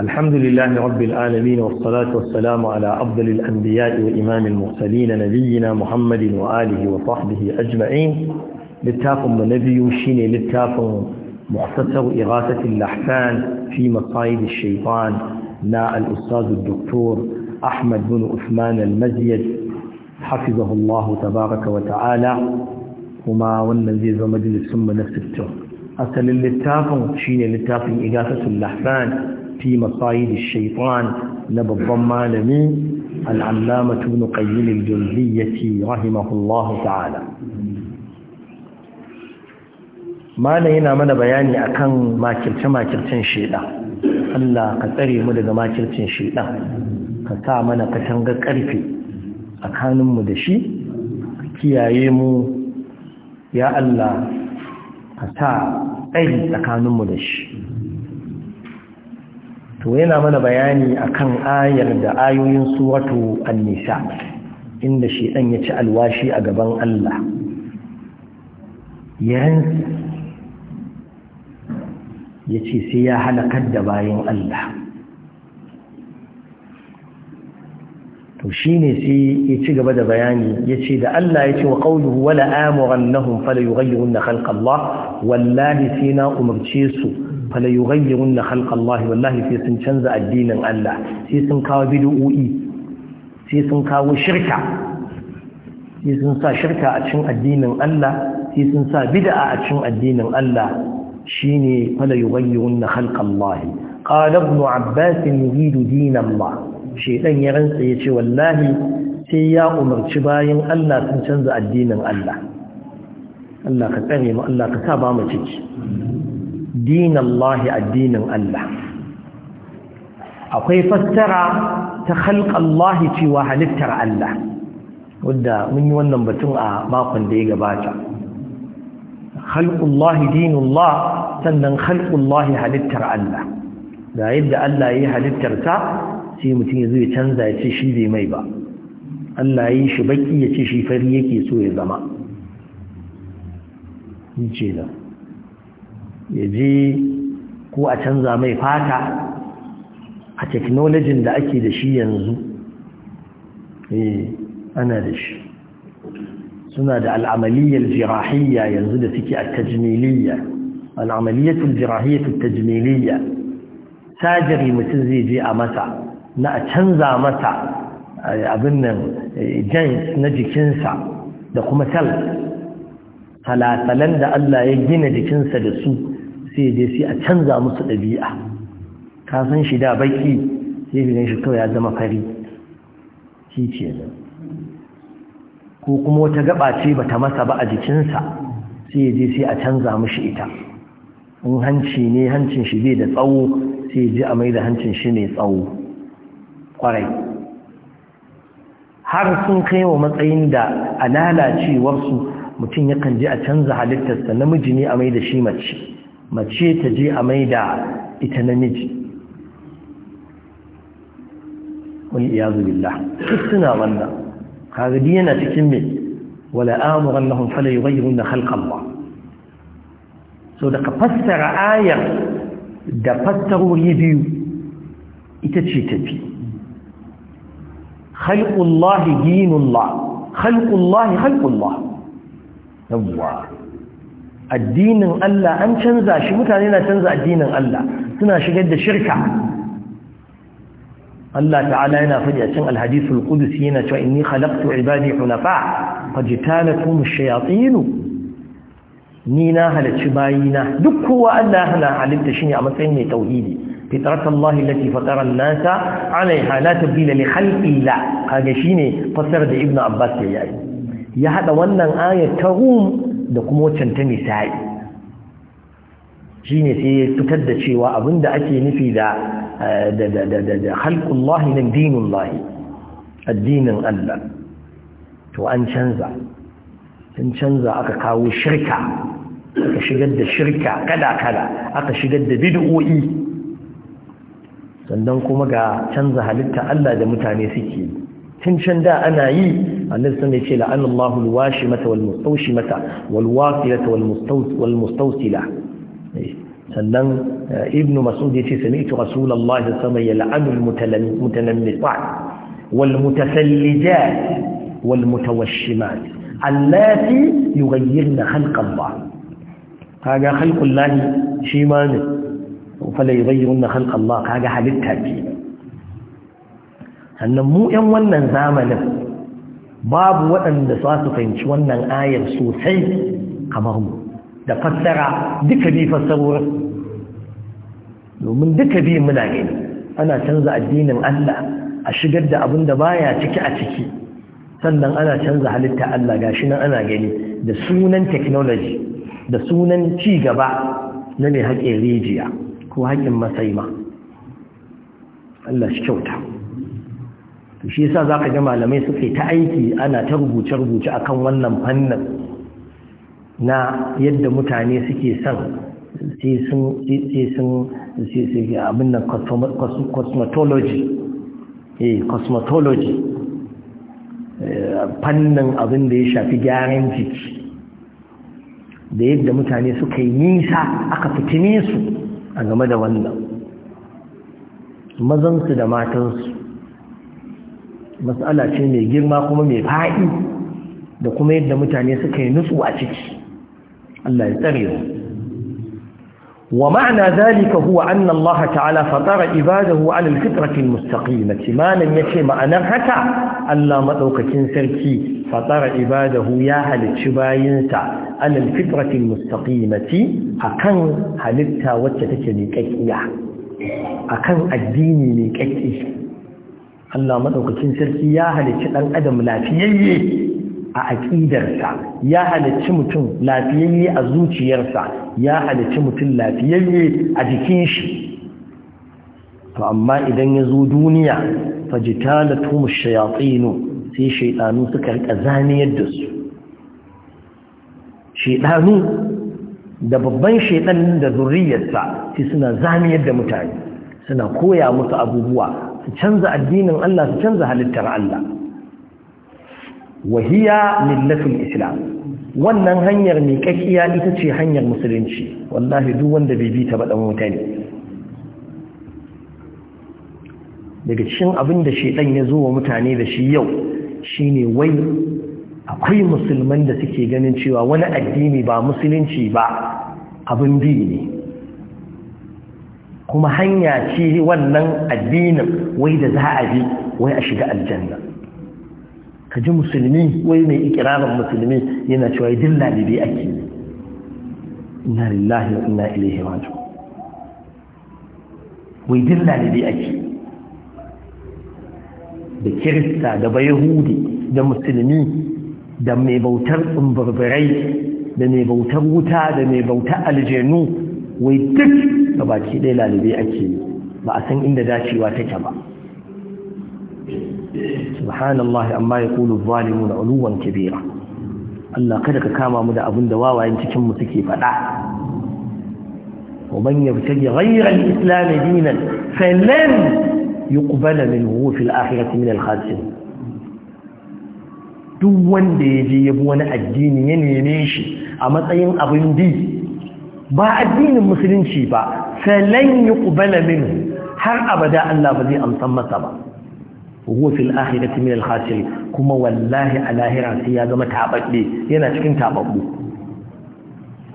الحمد لله رب العالمين والصلاة والسلام على أفضل الأنبياء وإمام المرسلين نبينا محمد وآله وصحبه أجمعين لتاقم النبي شين لتاقم مختصر إغاثة اللحفان في مصايد الشيطان نا الأستاذ الدكتور أحمد بن عثمان المزيد حفظه الله تبارك وتعالى وما والنزيز ومجلس ثم نفس التوم أسأل للتافم شين للتافم إغاثة اللحفان fi masayid shaitan na babban malami al'allama tunu ƙayyilin julziyyati rahimahullahu ta'ala mana yana mana bayani akan makirce-makircen shaiɗa Allah ka tsare mu daga makircin shaiɗa ka sa mana katangar ƙarfe tsakaninmu da shi kiyaye mu ya Allah ka sa tsari tsakaninmu da shi to yana mana bayani akan ayar da ayoyin suratu an-nisa inda shedan ya ci alwashi a gaban Allah ya ce sai ya halakar da bayan Allah to shine sai ya ci gaba da bayani yace da Allah yace wa qawluhu wala amurannahum falyughayyirunna na Allah wallahi na umarce su fala yughayyirunna khalqallahi wallahi sai sun canza addinin Allah sai sun kawo bid'o'i sai sun kawo shirka sai sun sa shirka a cikin addinin Allah sai sun sa bid'a a cikin addinin Allah shine fala yughayyirunna khalqallahi قال ابن عباس يريد دين الله shedan ya rantsa yace wallahi sai ya umarci bayin Allah sun canza addinin Allah Allah ka tsare mu Allah ka sa ba mu ciki dinan addinin Allah akwai fassara ta halƙan lahi cewa halittar Allah wadda munyi wannan batun a makon da ya gabata halƙun lahi dinun la sannan halƙun lahi halittar Allah da yadda Allah ya yi halittar ta sai mutum ya zai canza ya ce shi zai mai ba Allah ya yi shi baƙi ya ce shi fari yake so ya zama Ni ce da. ya je ko a canza mai fata a teknolojin da ake da shi yanzu eh ana da shi suna da al'amaliyyar jirahiyya yanzu da suke a tajmiliyya al'amaliyyatul jirahiyyatul tajmiliyya sajari mutum zai je a masa na a canza masa eh, abin nan jan eh, na jikinsa da kuma sal talatalan da Allah ya gina jikinsa da su sai je sai a canza musu ɗabi'a ka san shi da baki sai gidan shi kawai ya zama fari shi ce nan ko kuma wata gaba ce ba ta masa ba a jikinsa sai je sai a canza mushi ita in hanci ne hancin shi zai da tsawo sai je a mai da hancin shi ne tsawo kwarai har sun kai wa matsayin da a lalacewarsu mutum yakan je a canza halittarsa namiji ne a mai da shi mace mace ta je a maida ita namiji wani iyazu billah duk suna wannan kagadi yana cikin mai wala amuran lahun fala yi bayyarun da halkan ba so daga fassara ayar da fassarori biyu ita ce tafi halkullahi dinullah halkullahi halkullah yawwa addinin Allah an canza shi mutane na canza addinin Allah suna shigar da shirka Allah ta'ala yana faɗi a cikin alhadisul qudsi yana cewa inni khalaqtu ibadi hunafa fajtalatum ash-shayatin ni na halacci bayina duk kowa Allah yana halitta shi ne a matsayin mai tauhidi fitratullahi allati fatara an-nasa 'alayha la tabdila li khalqillah kage shine fasar da ibnu abbas yayi ya hada wannan ayat ta rum da kuma waccan ta nisa'i shi ne sai ya fitar da cewa abinda ake nufi da eh, halƙullahi nan dinin lahi addinin Allah to an canza sun canza aka kawo shirka aka shigar da shirka kada-kada aka shigar da bid'o'i sannan kuma ga canza halitta Allah da mutane suke tun can da ana yi أن نسمع شيء لأن الله الواشمة والمستوشمة والواصلة والمستوصلة سنن آه، ابن مسعود سمعت رسول الله صلى الله عليه وسلم يلعن المتنمطات والمتفلجات والمتوشمات اللاتي يغيرن خلق الله هذا خلق الله شيء فلا يغيرن خلق الله هذا حديث تاكيد ان مو ان wannan zamanin babu waɗanda za su fahimci wannan ayar sosai kamar mu da fassara duka bi fassarorin domin duka bi muna gani ana canza addinin Allah a shigar da abin da baya ciki a ciki sannan ana canza halitta Allah gashi nan ana gani da sunan technology da sunan ci gaba na mai haƙin rijiya ko haƙin masaima Allah shi kyauta shi yasa ka ga malamai suka ta aiki ana ta rubuce-rubuce akan wannan fannin na yadda mutane suke son sai sun sai abin nan cosmetology eh, cosmetology eh, fannin abin da ya shafi gyaran jiki da yadda mutane suka yi nisa aka fitine su a game da wannan mazansu da matansu mas'ala ce mai girma kuma mai faɗi da kuma yadda mutane suka yi nutsu a ciki Allah ya tsare mu wa ma'ana zalika huwa anna Allah ta'ala fatara ibadahu 'ala al-fitrati al-mustaqimati malan yace ma'anar haka Allah madaukakin sarki fatara ibadahu ya halicci bayinsa 'ala al mustaqimati akan halitta wacce take miƙaƙiya akan addini miƙaƙi Allah maɗaukacin sarki ya halicci dan adam lafiyayye a aƙidarsa ya halicci mutum lafiyayye a zuciyarsa ya halicci mutum lafiyayye a jikin shi to amma idan ya zo duniya fajitalatuhum shayatin sai shaiɗanu suka rika zaniyar da su shaydanu da babban shaiɗan da zuriyarsa sai suna zaniyar da mutane suna koya musu abubuwa su canza addinin Allah su canza halittar Allah wahiya millatul islam wannan hanyar mai kakkiya ita ce hanyar musulunci wallahi duk wanda bai bi ta ba dan wuta ne daga cikin abin da shedan ya zo wa mutane da shi yau shine wai akwai musulman da suke ganin cewa wani addini ba musulunci ba abin bi ne kuma hanya ce wannan addinin wai da za a bi wai a shiga aljanna ka ji musulmi wai mai ikirarin musulmi yana cewa yi dilla da bi ake ina lillahi wa ina ilaihi raju wai dilla da bi ake da kirista da bayahudi da musulmi da mai bautar tsumbarbarai da mai bautar wuta da mai bautar aljanu wai duk baki ɗaya lalube ake yi ba a san inda dacewa take ba subhanallahi amma ya kulu zalimu na uluwan kabira Allah kada ka kama mu da abin da wawayen cikin mu suke faɗa ومن يبتغي غير الإسلام دينا فلن يقبل منه في الآخرة من الخاسرين duk wanda ya je ya bi wani addini ya neme shi a matsayin abin bi ba addinin musulunci ba falan yuqbala minhu har abada Allah ba zai amsan masa ba huwa fil akhirati min al khasirin kuma wallahi a lahira sai ya zama tababbe yana cikin tababbu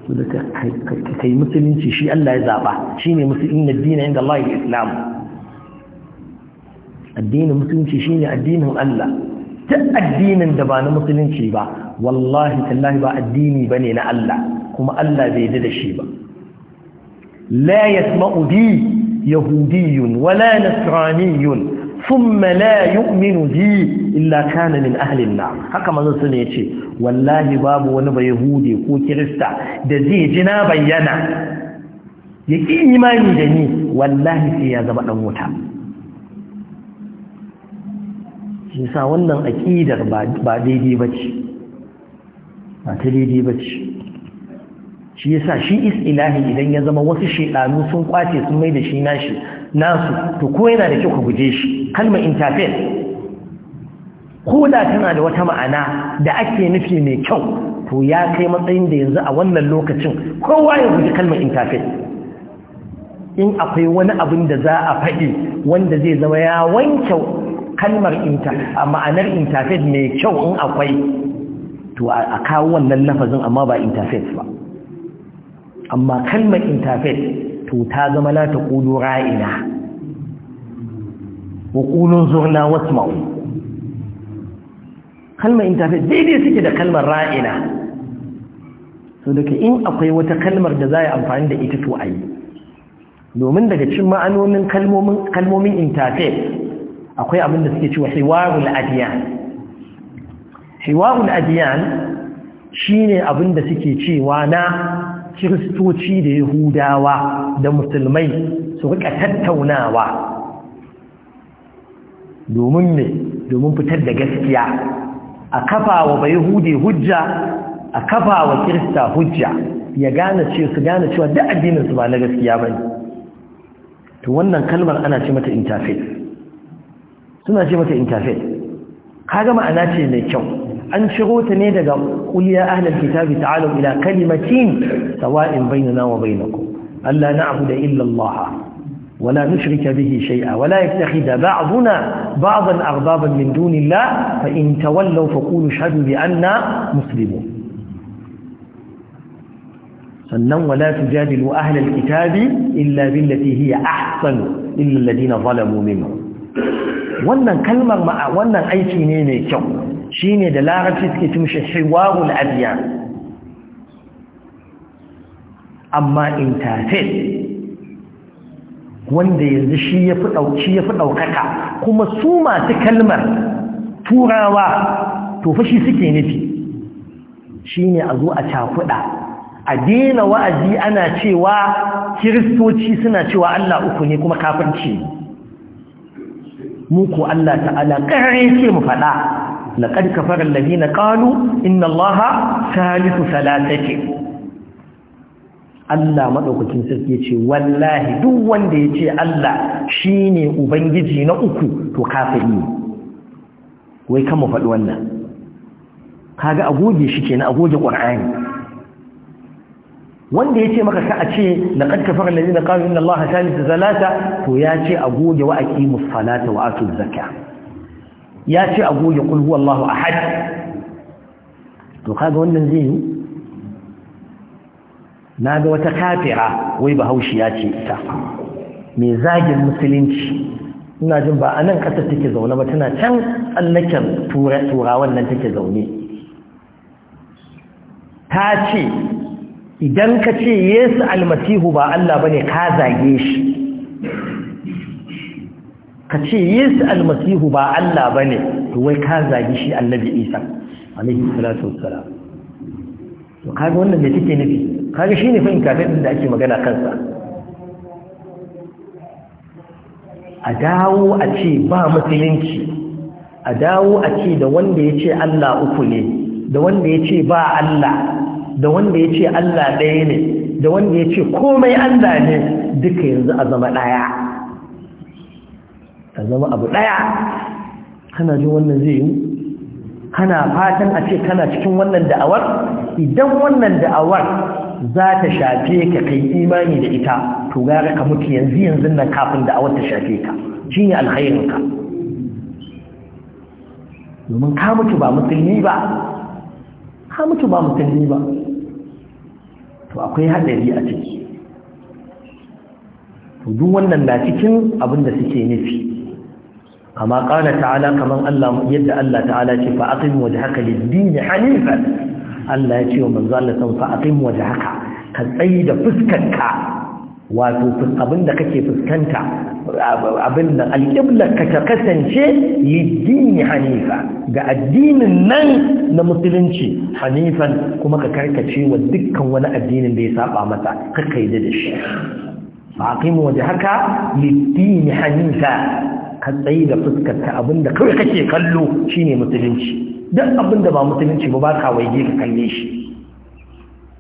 to da kai musulunci shi Allah ya zaba shine musulmin addini inda Allah ya islam addinin musulunci shine addinin Allah Ta addinin da ba na musulunci ba wallahi tallahi ba addini bane na Allah kuma Allah bai yi da shi ba la yasma'u bi wala nasraniyyun thumma la yu'minu bi illa kananin min na an-nar haka manzon sun yace wallahi babu wani ba yahudi ko kirista da zai ji na bayyana ya ƙi imani da ni wallahi sai ya zama ɗan wuta shi sa wannan aƙidar ba daidai ba ce ba ta daidai ba ce shi yasa shi is ilahi idan ya zama wasu shaidanu sun kwace sun mai da shi nashi nasu to ko yana da kyau ka guje shi kalmar interfere ko da tana da wata ma'ana da ake nufi mai kyau to ya kai matsayin da yanzu a wannan lokacin kowa ya guji kalmar interfere in akwai wani abin da za a faɗi wanda zai zama ya wanke kalmar a ma'anar interfere mai kyau in akwai to a kawo wannan lafazin amma ba interfere ba amma kalmar interfaith to ta zama la ta ƙulu ra'ina wa ƙulun zurna wasma'u kalmar interfaith daidai suke da kalmar ra'ina so daga in akwai wata kalmar da za a amfani da ita to a yi domin daga cin ma'anonin kalmomin interfaith akwai abin da suke cewa hiwarul adiyan hiwarul adiyan shine abin da suke cewa na kiristoci da yahudawa da musulmai su rika tattaunawa domin ne domin fitar da gaskiya a kafa wa bai hude hujja a kafa wa kirista hujja ya gane ce su gane cewa duk addinin su ba na gaskiya ba ne to wannan kalmar ana ce mata interface suna ce mata interface kaga ma'ana ce mai kyau أنشغوت نيدك قل يا أهل الكتاب تعالوا إلى كلمتين سواء بيننا وبينكم ألا نعبد إلا الله ولا نشرك به شيئا ولا يتخذ بعضنا بعضا أربابا من دون الله فإن تولوا فقولوا اشهدوا بأننا مسلمون سنن ولا تجادلوا أهل الكتاب إلا بالتي هي أحسن إلا الذين ظلموا منهم وانا kalmar ma'a wannan aiki ne mai kyau shine da larabci suke ci hiwarul adiyan amma intafet wanda yanzu shi ya fi ɗaukaka kuma su masu kalmar turawa to shi suke nufi shi ne a zo a cakuɗa a daina wa'azi ana cewa kiristoci suna cewa Allah uku ne kuma kafin kafirci ko Allah ta'ala kare ce mu faɗa laqad kafara alladhina qalu inna allaha thalithu thalathati Allah madaukakin sarki yace wallahi duk wanda yace Allah shine ubangiji na uku to kafiri ne wai kama faɗi wannan kaga agoge shi kenan agoge qur'ani wanda yace maka ka a ce laqad kafara alladhina qalu inna allaha thalithu thalatha to yace agoge wa aqimus salata wa atuz zakata ya ce a goge Allah a haɗi. to kaga wannan zai yi na ga wata kafira wai haushi ya ce ita mai zagin musulunci ina jin ba a nan ƙasar take zaune ba tana can tsallaken turawan nan take zaune ta ce idan ka ce yesu almasihu ba Allah ba ne ka zage shi ka ce yesu almasihu ba Allah ba ne to wai ka zagi shi annabi isa alaihi salatu wassalam to kaga wannan da take nufi kaga shi ne fahimta kafin da ake magana kansa a dawo a ce ba musulunci a dawo a ce da wanda ya ce Allah uku ne da wanda ya ce ba Allah da wanda ya ce Allah ɗaya ne da wanda ya ce komai Allah ne duka yanzu a zama ɗaya ka zama abu ɗaya kana jin wannan zai yi kana fatan a ce kana cikin wannan da'awar idan wannan da'awar za ta shafe ka kai imani da ita to gara ka mutu yanzu yanzu nan kafin da'awar ta shafe ka shi ne alkhairinka domin ka mutu ba musulmi ba ka mutu ba musulmi ba to akwai haɗari a ciki to duk wannan na cikin abin da suke nufi amma ƙala ta'ala kaman Allah yadda Allah ta'ala ce fa aqim wajhaka lid-din hanifan Allah ya ce wa manzo Allah san fa aqim wajhaka ka tsayi da fuskarka wato abinda kake fuskanta abinda alqiblar ka ta kasance lid-din hanifa ga addinin nan na musulunci hanifan kuma ka karkace wa dukkan wani addinin da ya saba masa ka kaida da shi fa aqim wajhaka lid-din hanifa ka tsayi da fuskarta abinda kawai kake kallo shine musulunci duk abinda ba musulunci ba ba ka waige ka kalle shi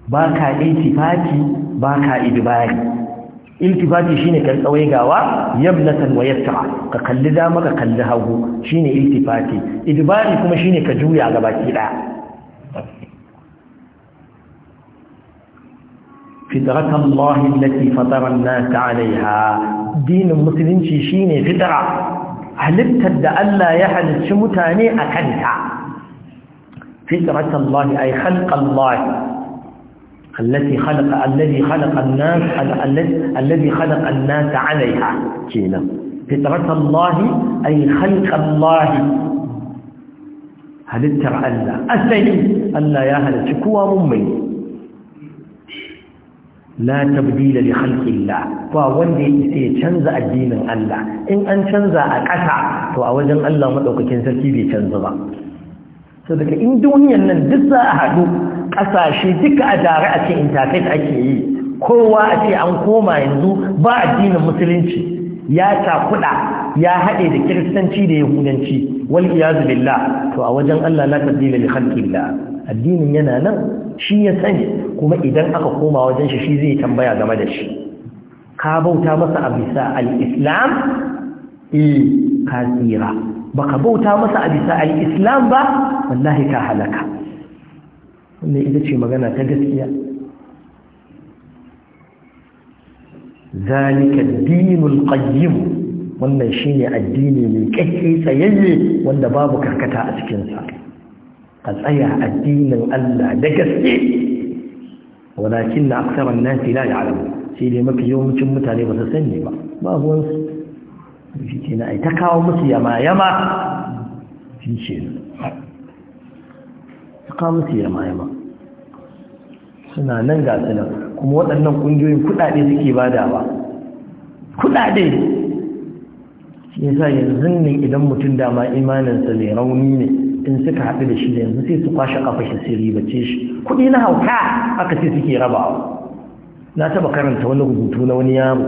ba ka iltifati ba ka idibari iltifati shine kan gawa yamnatan wa yatta ka kalli dama ka kalli hagu shine iltifati idibari kuma shine ka juya ga baki daya فطرة الله التي فطر الناس عليها دين المسلمين شيني فطرة حلبت الدألا شو متاني أكلتا فطرة الله أي خلق الله التي خلق الذي خلق الناس الذي خلق الناس عليها كينا فطرة الله أي خلق الله هل ترى ألا أسيء ألا يا هل تكوى ممين la tabdila li khalqillah ba wanda yake sai ya canza addinin Allah in an canza a ƙasa to a wajen Allah madaukakin sarki bai canza ba so daga in duniyan nan duk za a haɗu ƙasashe duka a tare a ce interfaith ake yi kowa a ce an koma yanzu ba addinin musulunci ya ta kuɗa ya haɗe da kiristanci da yahudanci wal iyazu billah to a wajen Allah la tabdila li khalqillah addinin yana nan shi ya sani kuma idan aka koma wajen shi shi zai tambaya game da shi ka bauta masa a bisa al-islam eh ka tsira baka bauta masa a bisa al-islam ba wallahi ka halaka wannan ita ce magana ta gaskiya ذلك الدين القيم wannan shine addini mai kakki tsayayye wanda babu karkata a cikinsa a tsaya addinin Allah da gaske wadakin na nan fila ya alamu, sai dai mafi yawancin mutane ba su sani ba ba ruwansu shi ke na ta kawo musu yama-yama shi ce ta kawo musu yama-yama suna nan ga kuma waɗannan ƙungiyoyin kuɗaɗe suke badawa kuɗaɗe yasa yanzu ne idan mutum dama imaninsa mai rauni ne in suka haɗu da shi da yanzu sai su kwashe kafa shi sai ribace shi kuɗi na hauka aka ce suke rabawa na taɓa karanta wani rubutu na wani yaro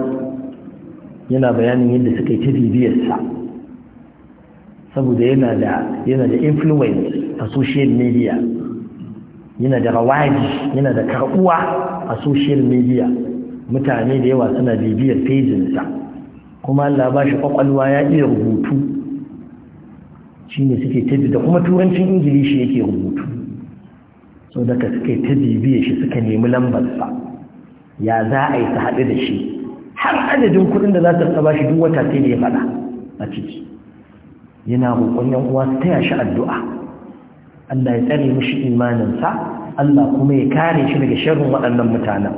yana bayanin yadda suka yi ta bibiyarsa saboda yana da yana da influence a social media yana da rawaji yana da karɓuwa a social media mutane da yawa suna bibiyar pejinsa kuma Allah ba shi kwakwalwa ya iya rubutu shi ne suke tabi da kuma turancin ingilishi yake rubutu sau daga suke tabi shi suka nemi lambarsa ya za a yi su haɗu da shi har adadin kuɗin da za ta rika shi duk wata sai ne ya faɗa a ciki yana roƙon yan uwa su taya shi addu'a Allah ya tsare mishi imaninsa Allah kuma ya kare shi daga sharrin waɗannan mutanen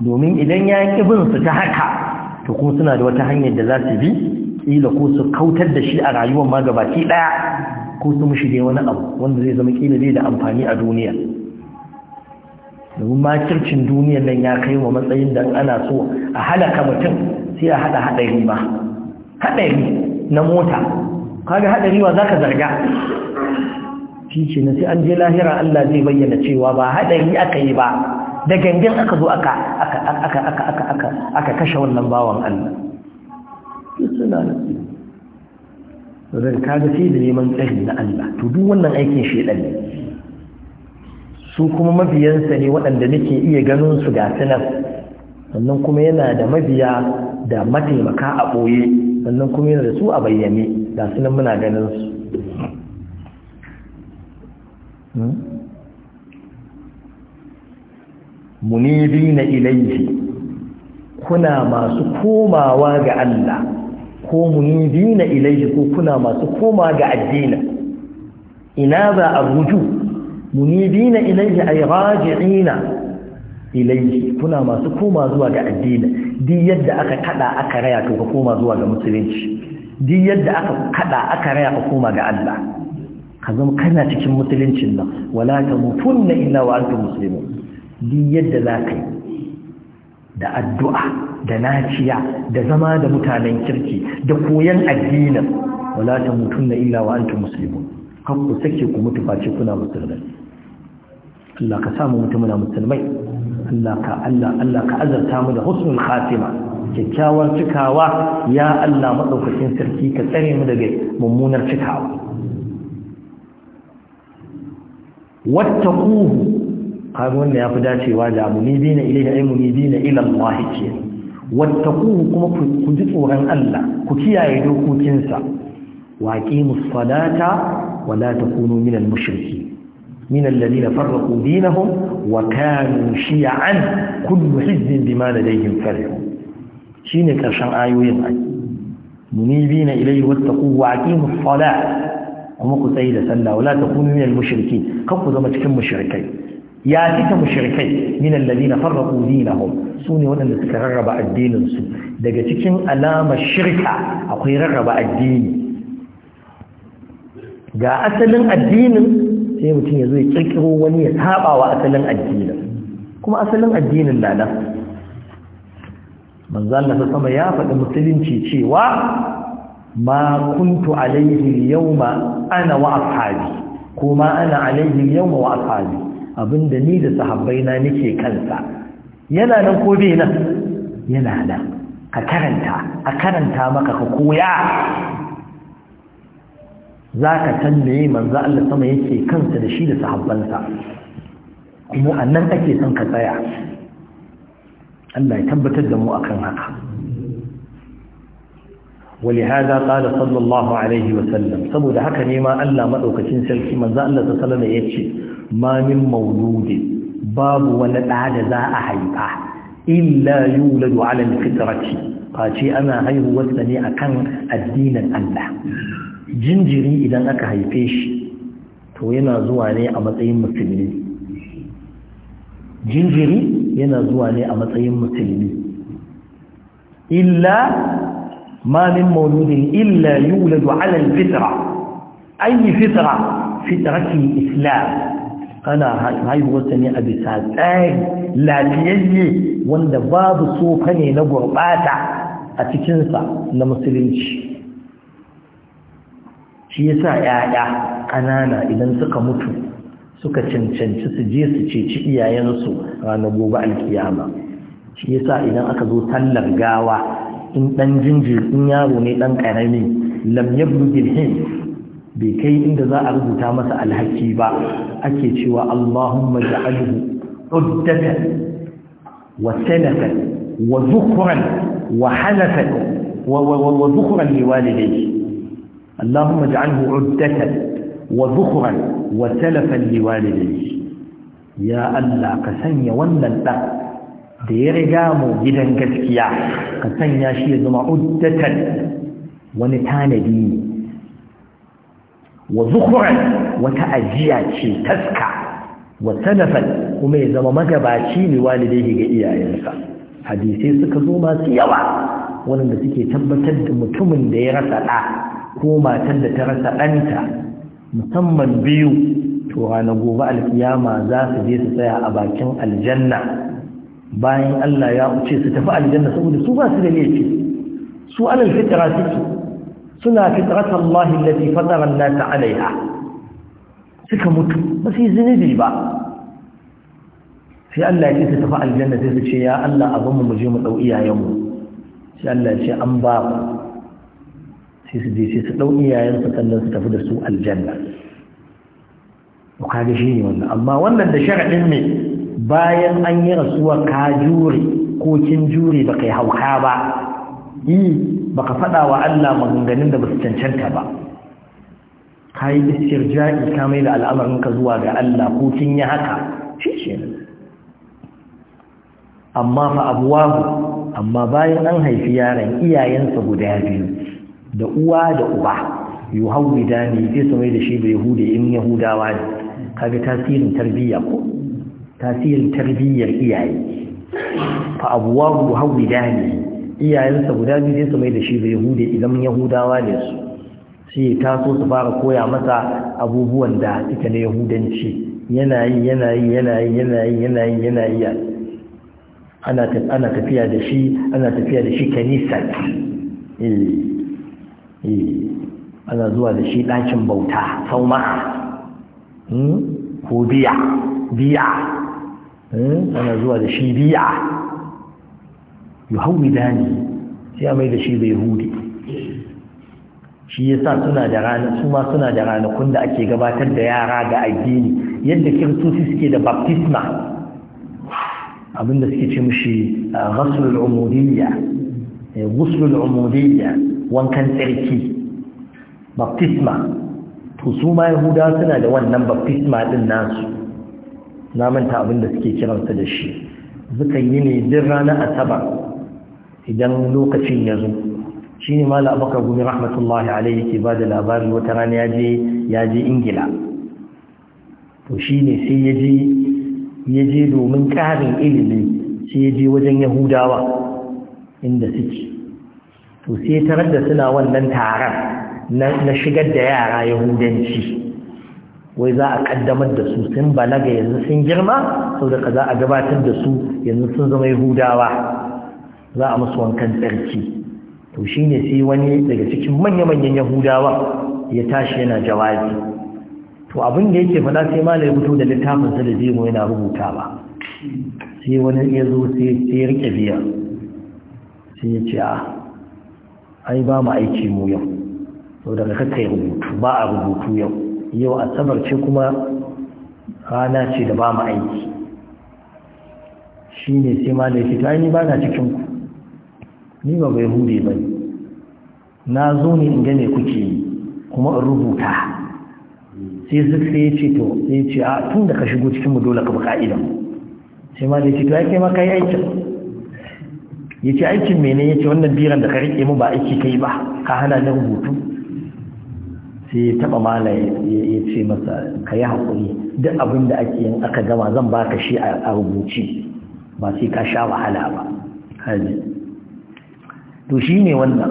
domin idan ya ƙi bin su ta haka to kuma suna da wata hanyar da za su bi kila ko su kautar da shi a rayuwar ma gabaki ɗaya ko su mushi dai wani abu wanda zai zama kila zai da amfani a duniya domin makircin duniyar nan ya kai wa matsayin da ana so a halaka mutum sai a haɗa haɗari ba Haɗari na mota kaga haɗari wa za ka zarga shi ce na sai an je lahira Allah zai bayyana cewa ba haɗari aka yi ba da gangan aka zo aka aka kashe wannan bawan Allah suna nan zan da neman tsari na Allah to duk wannan aikin shedan ne su kuma mabiyansa ne waɗanda nake iya ganin su ga sanan sannan kuma yana da mabiya da mataimaka a ɓoye sannan kuma yana da su a bayyane ga sanan muna ganin su hmm? na ilaihi kuna masu komawa ga Allah ko na ilaihi ko kuna masu koma ga addina? ina za a ruju munibina ilaihi yi raji'ina ilaihi kuna masu koma zuwa ga addina duk yadda aka kada aka raya to ka koma zuwa ga musulunci duk yadda aka kada aka raya ka koma ga Allah ka zama kana cikin musuluncin nan wala tamutunna illa wa antum muslimun duk yadda za ka yi da addu'a da naciya da zama da mutanen kirki da koyan addinin wala ta mutum na illa wa antum muslimun kan ku sake ku mutu face kuna musulmai Allah ka samu mutum na musulmai Allah ka Allah ka azarta mu da husnul khatima kyakkyawar cikawa ya Allah matsaukakin sarki ka tsare mu daga mummunar cikawa wattaquhu kaga wanda ya fi dacewa da abu ni bina da ay muni bina ila Allah ke wattaquhu kuma ku ji tsoron Allah ku kiyaye dokokinsa wa aqimus salata wa la takunu minal mushriki من الذين فرقوا دينهم وكانوا شيعا كل حزب بما لديهم فرحون شينك عشان آيوين أي منيبين إليه واتقوه وعقيموا الصلاة kuma ku tsayi da sallah wala takunu minal mushrikin kan ku zama cikin mushrikai ya cika mushrikai min alladhina farraqu dinahum sune wadanda suka rarraba addinin su daga cikin alama shirka akwai rarraba addini ga asalin addinin sai mutum ya zo ya kirkiro wani ya saba wa asalin addinin kuma asalin addinin na nan manzo Allah sama ya faɗi musulunci cewa ma kuntu alaihi yawma ana wa ashabi kuma ana alaihi yawma wa ashabi abinda ni da sahabbaina nake kansa yana nan ko bai nan yana nan ka karanta a karanta maka ka koya za ka tambaye manzo Allah sama yake kansa da shi da sahabbansa kuma annan ake son ka tsaya Allah ya tabbatar da mu akan haka ولهذا قال صلى الله عليه وسلم سبب حكا نيما ألا مدوكتين سلكي من ذا الله تسلم يتشي ما من مولود باب ونتعاد ذا أحيطا إلا يولد على الفطرة قاتي أنا هيه وثني أكن الدين الله جنجري إذا أكا هيفيش تو ينا زواني أمتين مسلمين جنجري ينا زواني أمتين مسلمين إلا Mamin من مولود إلا يولد على الفطرة أي فطرة فطرة الإسلام ana haihuwarsa ne a bisa tsari lafiyayye wanda babu tsoka ne na gurɓata a cikinsa na musulunci shi yasa ‘ya'ya ƙanana idan suka mutu suka cancanci su je su ceci iyayensu ranar gobe alkiyama shi yasa idan aka zo tallar gawa in dan jinjir in yaro ne dan karami lam yablu bil bai kai inda za a rubuta masa alhaki ba ake cewa Allahumma ja'alhu uddatan wa salafan wa dhukran wa halafan wa wa dhukran li walidayhi Allahumma ja'alhu uddatan wa dhukran wa salafan li walidayhi ya Allah ka sanya wannan dan da ya riga mu gidan gaskiya ka sanya shi ya zama uddatan wani tanadi ne wa zukuran wata ajiya ce taska wa sanafan kuma ya zama magabaci ne walidai ga iyayensa hadisai suka zo masu yawa wanda suke tabbatar da mutumin da ya rasa ɗa ko matar da ta rasa ɗanta musamman biyu to ranar gobe alkiyama za su je su tsaya a bakin aljanna bayan Allah ya wuce su tafi aljanna saboda su ba su da laifi su alal fitra suke suna fitrat Allah allati fatara an-nas alaiha suka mutu ba su zinubi ba sai Allah ya ce su tafi aljanna sai su ce ya Allah abin mu je mu dau iyayenmu sai Allah ya ce an ba ku sai su je su dau iyayensu sannan su tafi da su aljanna to kaga shi shine wannan amma wannan da sharadin ne bayan an yi rasuwa ka jure ko kin jure baka yi hauka ba yi baka faɗawa wa Allah maganganun da basu cancanta ba ka yi istirja'i ka mai da al'amarin ka zuwa ga Allah ko kin yi haka shi ce amma fa abuwahu amma bayan an haifi yaron iyayensa guda biyu da uwa da uba ne sai su mai da shi da yahuda in yahudawa ne kaga tasirin tarbiyya ko tasirin tarbiyyar iyaye fa abuwahu hawidani iyayensa guda biyu sai su mai da shi da yahudi idan yahudawa ne su sai taso su fara koya masa abubuwan da suke na yahudanci yana yi yana yi yana yi yana yi yana yi yana yi ana tafiya da shi ana tafiya da shi kanisa eh, eh, ana zuwa da shi ɗakin bauta sauma hmm, ko biya Hmm? ana zuwa da shi biya Midani sai a mai da shi bai hudi shi yasa suna da rana su ma suna da ranakun da ake gabatar da yara ga addini yadda kiristoci suke da baptisma abinda suke ce mushi uh, ghaslul umudiyya eh, ghuslul umudiyya wankan tsarki baptisma to su ma yahuda suna da wannan baptisma din nasu na manta abin da suke kiransa da shi zukan yi ne duk ranar asabar idan lokacin ya zo shi ne mala abaka gumi rahmatullahi alai yake ba da labari wata rana ya je ingila to shi ne sai ya je ya je domin ƙarin ilimi sai ya je wajen yahudawa inda suke to sai tarar da suna wannan taron na shigar da yara yahudanci wai za a kaddamar da su sun balaga yanzu sun girma sau da za a gabatar da su yanzu sun zama yahudawa za a musu wankan tsarki to shi ne sai wani daga cikin manya-manyan yahudawa ya tashi yana jawabi to abin da yake faɗa sai ma ya fito da littafin da zai yana rubuta ba sai wani ya zo sai ya rike biya sai ya ce a ah, ai ba mu aiki mu yau sau daga kakai rubutu ba a rubutu yau yau asabar ce kuma rana ce da ba mu aiki shi ne sai ma da fito ni ba na cikin ku ni ba bai hude ba na zo ne in gane kuke kuma in rubuta sai zuk sai ya ce to sai ya ce a tun da ka shigo cikin mu dole ka bi ka'idan sai ma da ya ce to ya kai ma ka yi aikin ya ce aikin mene ya ce wannan biran da ka riƙe mu ba aiki kai ba ka hana ni rubutu sai ya taba mala ya ce masa ka yi haƙuri duk abin da ake yin aka gama zan baka shi a rubuci ba sai ka sha wahala ba haji to shi ne wannan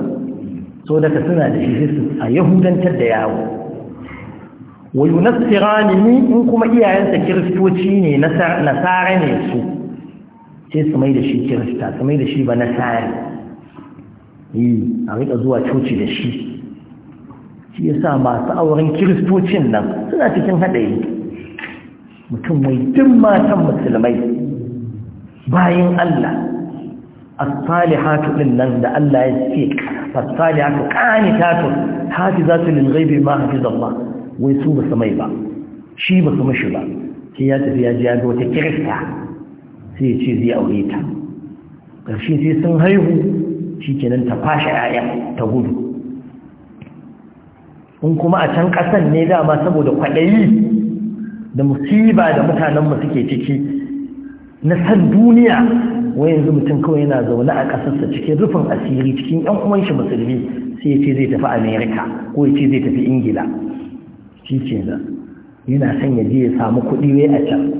so daga suna da shi a yahudantar da yawo wa yunassirani ni in kuma iyayensa kiristoci ne nasara ne su sai su mai da shi kirista su mai da shi ba nasara yi a rika zuwa coci da shi shi yasa masu auren kiristocin nan suna cikin haɗari mutum mai duk matan musulmai bayan Allah as-salihatu ɗin nan da Allah ya ce as-salihatu qanitatu su lil ghaibi ma zama wai su ba mai ba shi ba su mashi ba sai ya tafi ya ji ya ga wata kirista sai ya ce zai aure ta ƙarshe sai sun haihu shi kenan ta fashe 'ya'ya ta gudu in kuma a can ƙasan ne dama saboda kwaɗayi da musiba da mutanenmu suke ciki na san duniya wai yanzu mutum kawai yana zaune a ƙasarsa cikin rufin asiri cikin ‘yan uwan shi musulmi sai ya ce zai tafi amerika ko ya ce zai tafi ingila shi ce yana son ya je ya samu kuɗi wai a can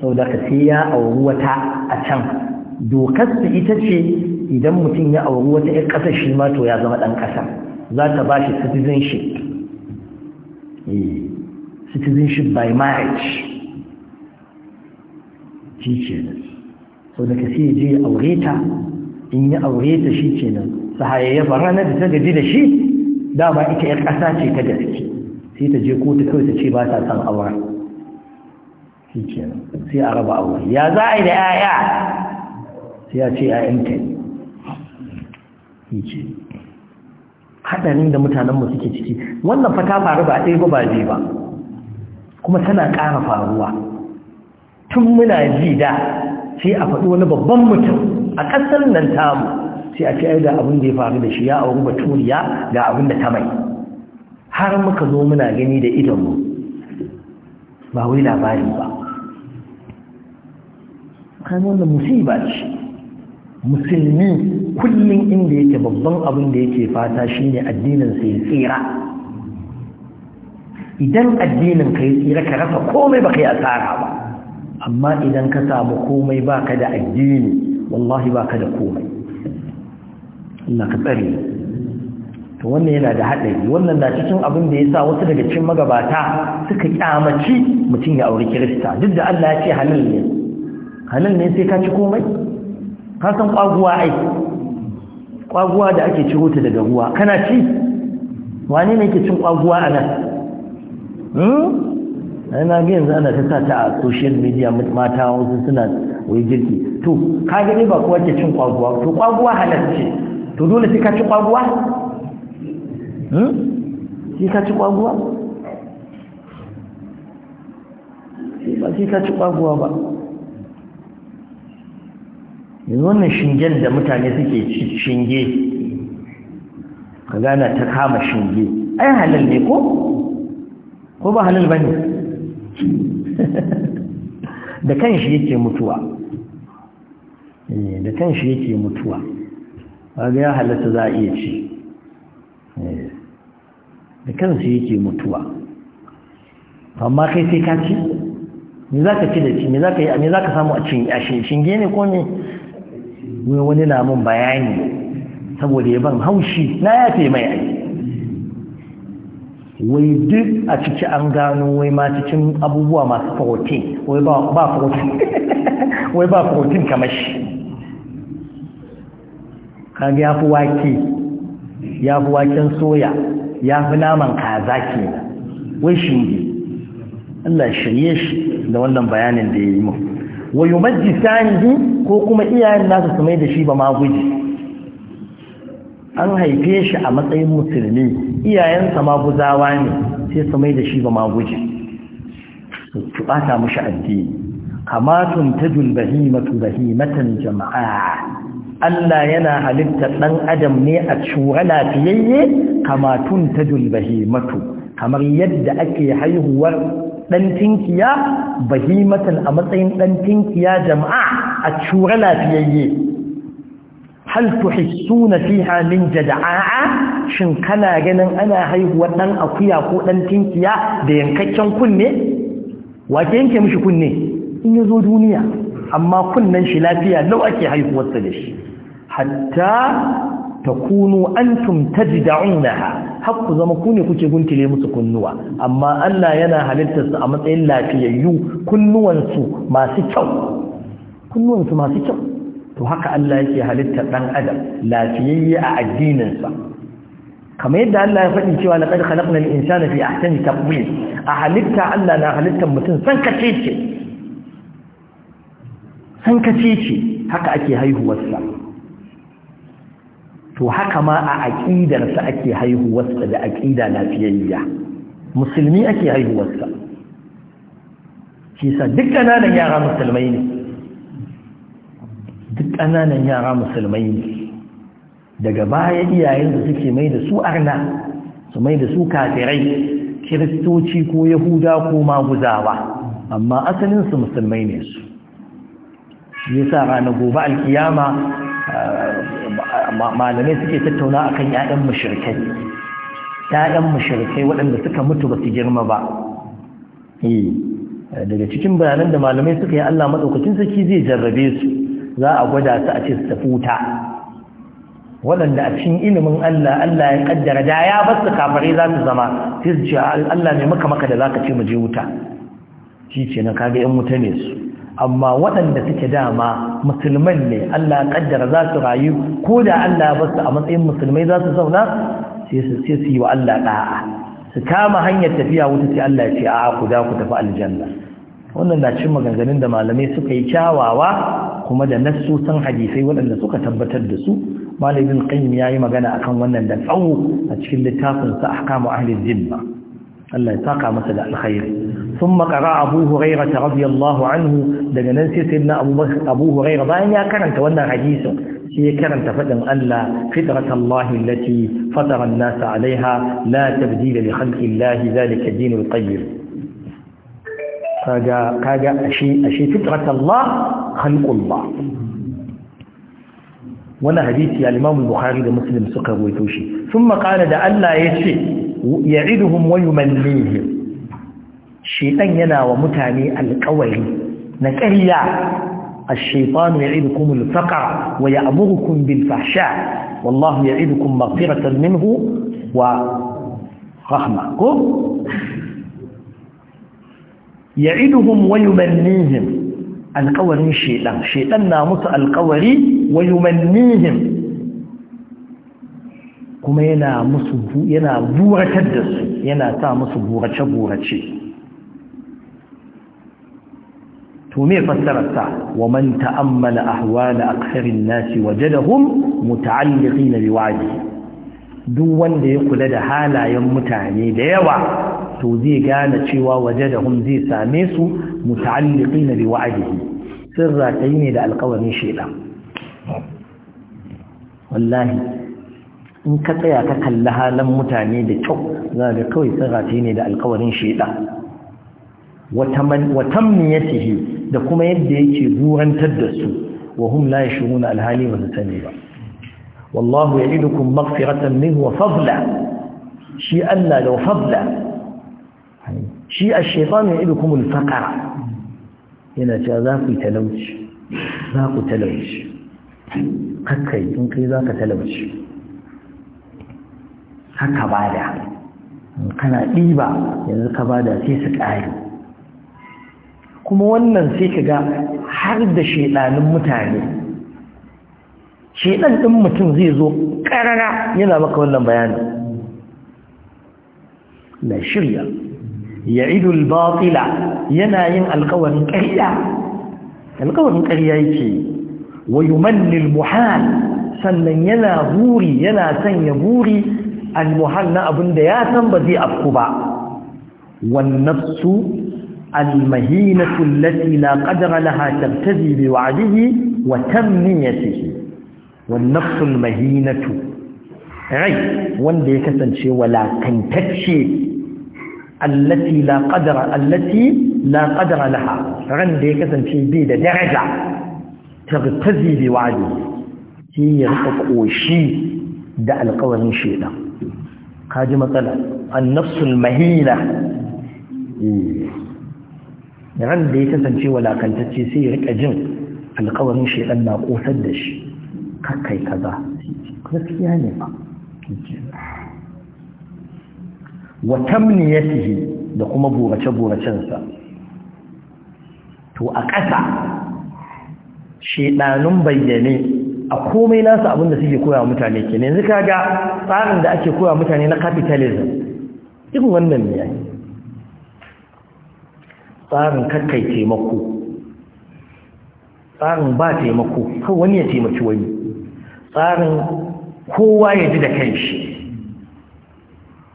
sau da ka sai ya auri wata a can dokarsa ita ce idan mutum ya auri wata ‘yan ƙasar shi ma to ya zama ɗan ƙasa za ta ba shi citizenship Eh, citizenship by marriage shi ce nan sau da kasi je ya aure ta in ya aure ta shi ce nan sahayayyafa ranar da ta gaji da shi dama ita ya ƙasa ce ta gaske sai ta je kotu kawai ta ce ba ta san aure shi ce nan sai a raba aure ya za a yi da 'ya'ya sai ya ce 'ya'yanta ne shi ce hadarin da mutanenmu suke ciki wannan fata faru ba ɗaya ba ba je ba kuma tana ƙara faruwa tun muna ji da sai a faɗi wani babban mutum a ƙasar nan tamu sai a ce da abin da ya faru da shi ya auri baturiya ga abin da ta mai har muka zo muna gani da idonmu ba wai labari ba kan wannan musiba shi. musulmi kullum inda yake babban abin da yake fata shine addinin sa ya tsira idan addinin ka ya tsira ka rasa komai baka yi asara ba amma idan ka samu komai baka da addini wallahi baka da komai Allah ka tsare to wannan yana da haɗari wannan na cikin abin da ya sa wasu daga cikin magabata suka kyamaci mutum ya auri kirista duk da Allah ya ce halal ne halal ne sai ka ci komai ka san kwaguwa ai kwaguwa da ake ciro ta daga ruwa kana ci wani ne ke cin kwaguwa a nan hmm? na ga yanzu ana ta ta a social media mata wasu suna wai jirgi. to ka gani ba kowa ke cin kwaguwa to kwaguwa halar ce to dole sai ka ci kwaguwa hmm? sai ka ci kwaguwa sai ka ci kwaguwa ba yanzu wannan shingen da mutane suke shinge ka gana ta kama shinge ai halal ne ko ko ba halal ba ne da kan shi yake mutuwa eh, da kan shi yake mutuwa ba ya halatta za a iya ci eh, da shi yake mutuwa amma kai sai ka ci me za ka ci da ci me za ka yi me samu a cin shinge ne ko ne wai wani na mun bayani saboda ya ban haushi na ya ce mai aiki wai duk a ciki an gano wai ma cikin abubuwa masu protein wai ba protein wai ba protein kamar shi ya fi wake ya fi waken soya ya fi naman kaza ke wai shi ne Allah shirye shi da wannan bayanin da ya yi mu wa yumajjisanihi ko kuma iyayen nasa su mai da shi ba ma guji an haife shi a matsayin musulmi iyayensa ma guzawa ne sai su mai da shi ba ma guji su bata mushi addini kamatun tajul bahimatu bahimatan jama'a Allah yana halittar ɗan adam ne a cura lafiyayye kamatun tajul bahimatu kamar yadda ake haihuwar ɗan tinkiya bahimatan a matsayin ɗan tinkiya jama'a a cura lafiyayye hal tuhissuna fiha min jada'a shin kana ganin ana haihuwar ɗan akuya ko ɗan tinkiya da yankakken kunne wace yanke mishi kunne in ya zo duniya amma kunnen shi lafiya lau ake haihuwarsa da shi hatta takunu antum ha. har ku zama ku ne kuke guntile musu kunnuwa amma Allah yana halittar su a matsayin lafiyayyu kunnuwansu masu kyau kunnuwansu masu kyau to haka Allah yake halittar dan adam lafiyayye a addinin sa kamar yadda Allah ya faɗi cewa laqad khalaqna al-insana fi ahsani taqwim a halitta Allah na halittar mutum san kace ce san kace ce haka ake haihuwarsa to haka ma a aƙidarsa ake haihuwarsa da aƙida lafiyayya musulmi ake haihuwarsa shi sa duk ƙananan yara musulmai ne duk ƙananan yara musulmai ne daga baya iyayen da suke mai da su arna su mai da su kafirai kiristoci ko yahuda ko maguzawa amma asalinsu musulmai ne su sa ranar gobe alkiyama malamai suke tattauna akan ƴaƴan mushrikai ƴaƴan waɗanda suka mutu ba su girma ba eh, daga cikin bayanan da malamai suka yi Allah madaukakin sarki zai jarrabe su za a gwada su a ce su tafi wuta waɗanda a cikin ilimin Allah Allah ya kaddara da ya bar su kafare za su zama sai su ce Allah ne maka maka da zaka ce mu je wuta shi ce na kaga 'yan wuta ne su amma waɗanda suke dama musulman ne Allah kaddara za su rayu ko da Allah ba su a matsayin musulmai za su zauna sai su yi wa Allah ɗa'a su kama hanyar tafiya wuta sai Allah ya ce a'a ku da ku tafi aljanna wannan na cin maganganun da malamai suka yi kyawawa kuma da nassosan hadisai waɗanda suka tabbatar da su malamin qayyim yayi magana akan wannan da tsawo a cikin littafin sa ahkamu ahli dhimma Allah ya saka masa da alkhairi sun makara abu hurayra radiyallahu anhu daga nan sai sayyidina abu bakr abu hurayra bayan ya karanta wannan hadisi shi ya karanta faɗin Allah fitratallahi allati fatara an-nas 'alayha la tabdila li khalqillahi zalika dinul qayyim kaga kaga ashi ashi fitratallah khalqullah wannan hadisi al-imam al-bukhari da muslim suka rawaito shi sun qala da Allah ya ce. يعدهم ويمنيهم الشيطان ينا ومتاني القوي mutane الشيطان يعدكم الفقر ويأمركم بالفحشاء والله يعدكم مغفرة منه ورحمة يعدهم ويمنيهم القوري شيطان شيطان ناموس القوري ويمنيهم kuma yana musu yana buratar da su yana sa musu burace-burace to me fassararsa wa man ta'ammala ahwala aktharin nasi wajadahum muta'alliqina biwadi duk wanda ya kula da halayen mutane da yawa to zai gane cewa wajadahum zai same su muta'alliqina biwadihi sirra tayi ne da alƙawarin shedan wallahi in ka tsaya ka kalli halin mutane da kyau za ga kawai tsirate ne da alkawarin shaidan ya niyatihi da kuma yadda yake burantar da su wa hum la yashuruna alhali ba su sani ba wallahu ya ya'idukum maghfiratan minhu wa fadla shi Allah da fadla shi ash-shaytan ya'idukum al-faqra yana cewa za ku talauci za ku talauci kakkai in kai za ka talauci haka bada kana ɗiba yanzu ka bada sai su ƙari kuma wannan sai ka ga har da shaɗanin mutane shaɗan ɗin mutum zai zo ƙarara yana maka wannan bayanin na shirya ya idul batila yana yin alkawarin ƙarya alkawarin ƙarya yake wa yumannil muhal sannan yana buri yana sanya buri almuhan na da ya san ba zai afku ba wan nafsu almahinatu allati la laha tabtadi bi wa'dihi wa tamniyatihi wan nafsu wanda ya kasance walakantacce allati la allati la qadara laha ran ya kasance bai da daraja tabtadi bi wa'dihi shi ya rika koshi da alƙawarin shaidan kaji matsala an nafsul mahina eh. ran da ya kasance walakantacce sai ya rika jin alkawarin shaidan na kosar da shi kakai kaza gaskiya ne ba wa tamniyatihi da kuma burace-buracensa to a ƙasa shaidanun bayyane a komai nasu abin da suke koya mutane ke yanzu ga tsarin da ake koya mutane na capitalism irin wannan ne tsarin kakkai taimako tsarin ba taimako kan wani ya taimaki wani tsarin kowa ya ji da shi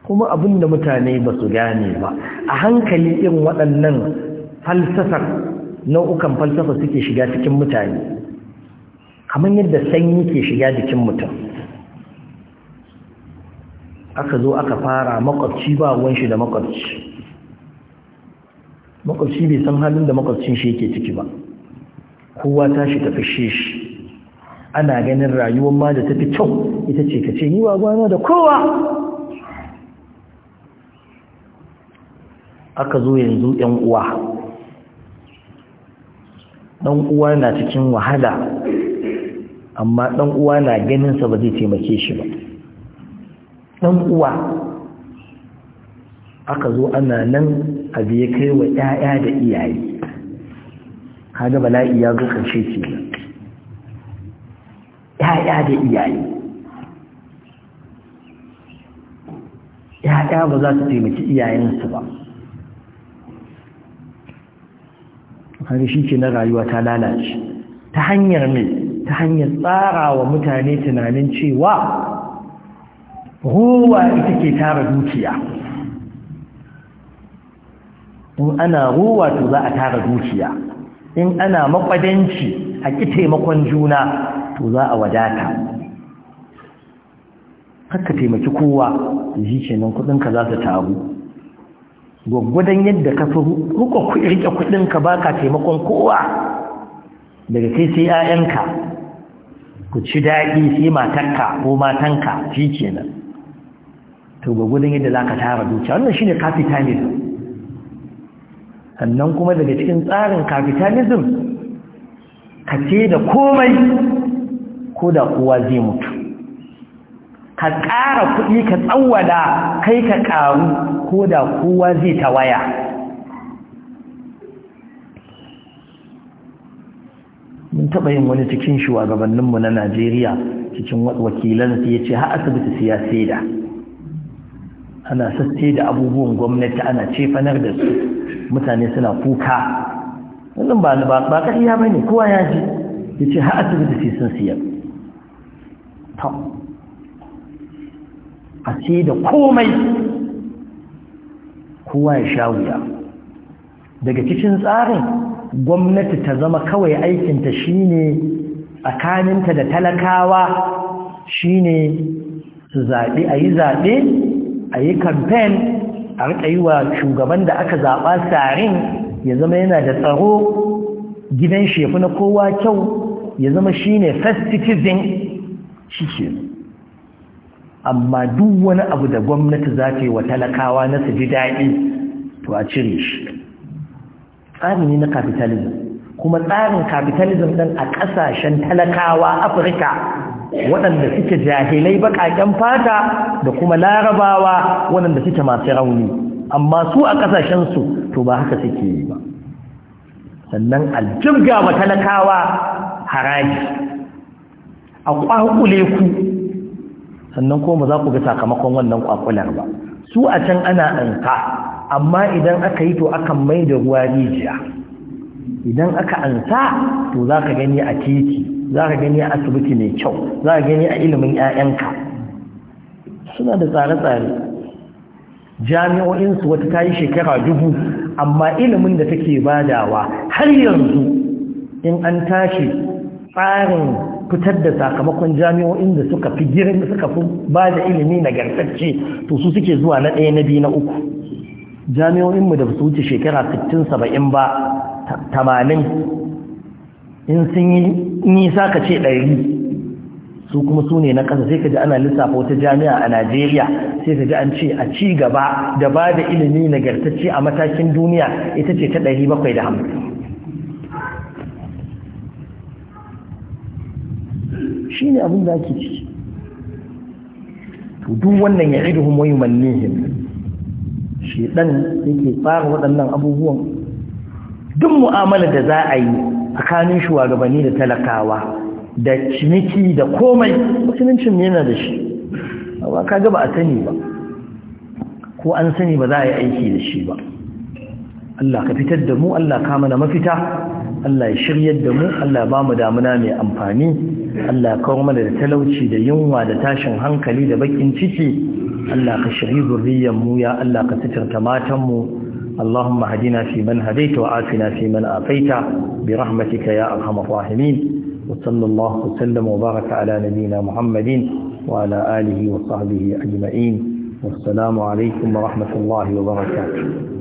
kuma abin da mutane ba su gane ba a hankali irin waɗannan falsafar nau'ukan falsafa suke shiga cikin mutane kamar yadda sanyi ke shiga jikin mutum aka zo aka fara makwabci ba shi da makwabci makwabci bai san halin da makwabcin shi yake ciki ba kowa tashi tafi shi ana ganin rayuwar ma da tafi kyau ita ce ka ce ni ba gwana da kowa aka zo yanzu ‘yan uwa ɗan uwa na cikin wahala amma ɗan uwa na ganinsa ba zai taimake shi ba ɗan uwa aka zo ana nan abu ya kai wa ‘ya'ya da iyaye kaga bala'i ya zo ƙarshe ke ‘ya'ya da iyaye ‘ya'ya ba za su taimaki iyayensu ba kaga shi ke na rayuwa ta lalace ta hanyar mai ta hanyar tsara wa mutane tunanin cewa ruwa ita ke tara dukiya in ana ruwa to za a tara dukiya in ana makwadanci a ƙi taimakon juna to za a wadata haka taimaki kowa shi ce nan kudinka za su taru gwaggwadon yadda ka fi rike kudinka ba ka taimakon kowa daga kai sai 'ya'yanka ku ci daɗi sai matanka ko matanka shi kenan to ga gudun yadda za ka tara duka wannan shine capitalism sannan kuma daga cikin tsarin capitalism ka ce da komai ko da kowa zai mutu ka ƙara kuɗi ka tsawada kai ka ƙaru ko da kowa zai tawaya mun taɓa yin wani cikin shugabanninmu na najeriya cikin wakilan ya ce har asibiti ya da ana sasse da abubuwan gwamnati ana cefanar da su mutane suna kuka wannan ba ba ƙarya ya bane kowa ya ji ya ce har asibiti sai sun siya a ce da komai kowa ya sha wuya daga cikin tsarin gwamnati ta zama kawai aikinta shine tsakaninta da talakawa shine su zaɓi a yi zaɓe a yi kamfen a rika yi wa shugaban da aka zaɓa sarin ya zama yana da tsaro gidan shefu na kowa kyau ya zama shine ne citizen shi amma duk wani abu da gwamnati za ta yi wa talakawa na su ji daɗi to a cire shi tsari ne na capitalism kuma tsarin capitalism ɗin a ƙasashen talakawa afirka waɗanda suke jahilai baƙaƙen fata da kuma larabawa waɗanda suke masu rauni amma su a ƙasashensu to ba haka suke yi ba sannan aljibga wa talakawa haraji a ƙwaƙule ku sannan ba za ku ga sakamakon wannan ƙwaƙular ba su a can ana anka amma idan aka yi to akan mai da ruwa rijiya idan aka ansa to za ka gani a titi za ka gani a asibiti mai kyau za ka gani a ilimin 'ya'yanka suna da tsare-tsare jami'o'insu wata ta yi shekara dubu amma ilimin da take badawa har yanzu in an tashi tsarin fitar da sakamakon jami'o'in da suka fi girin suka fi ba da ilimi gartacce to su suke zuwa na ɗaya na biyu na uku Jami'o'in mu da su wuce shekara 60-70 ba 80 in sun yi nisa ka ce 100 su kuma sune na kasa sai ka ji ana lissafa wata jami'a a najeriya sai ka ji an ce a ci gaba da ba da ilimi nagartacce a matakin duniya ita ce ta 750 shi ne abin da ake ciki duk wannan ya iduhum wa shedan yake tsara waɗannan abubuwan duk mu'amala da za a yi tsakanin shugabanni da talakawa da ciniki da komai musuluncin yana da shi ba ka gaba a sani ba ko an sani ba za a yi aiki da shi ba Allah ka fitar da mu Allah ka mana mafita Allah ya shiryar da mu Allah ba mu damuna mai amfani Allah ya kawo mana da talauci da yunwa da tashin hankali da bakin ciki Allah ka shiri zurriyar mu ya Allah ka sitirta matan mu اللهم هدنا في من هديت وآتنا في من آتيت برحمتك يا أرحم الراحمين وصلى الله وسلم وبارك على نبينا محمد وعلى آله وصحبه أجمعين والسلام عليكم ورحمة الله وبركاته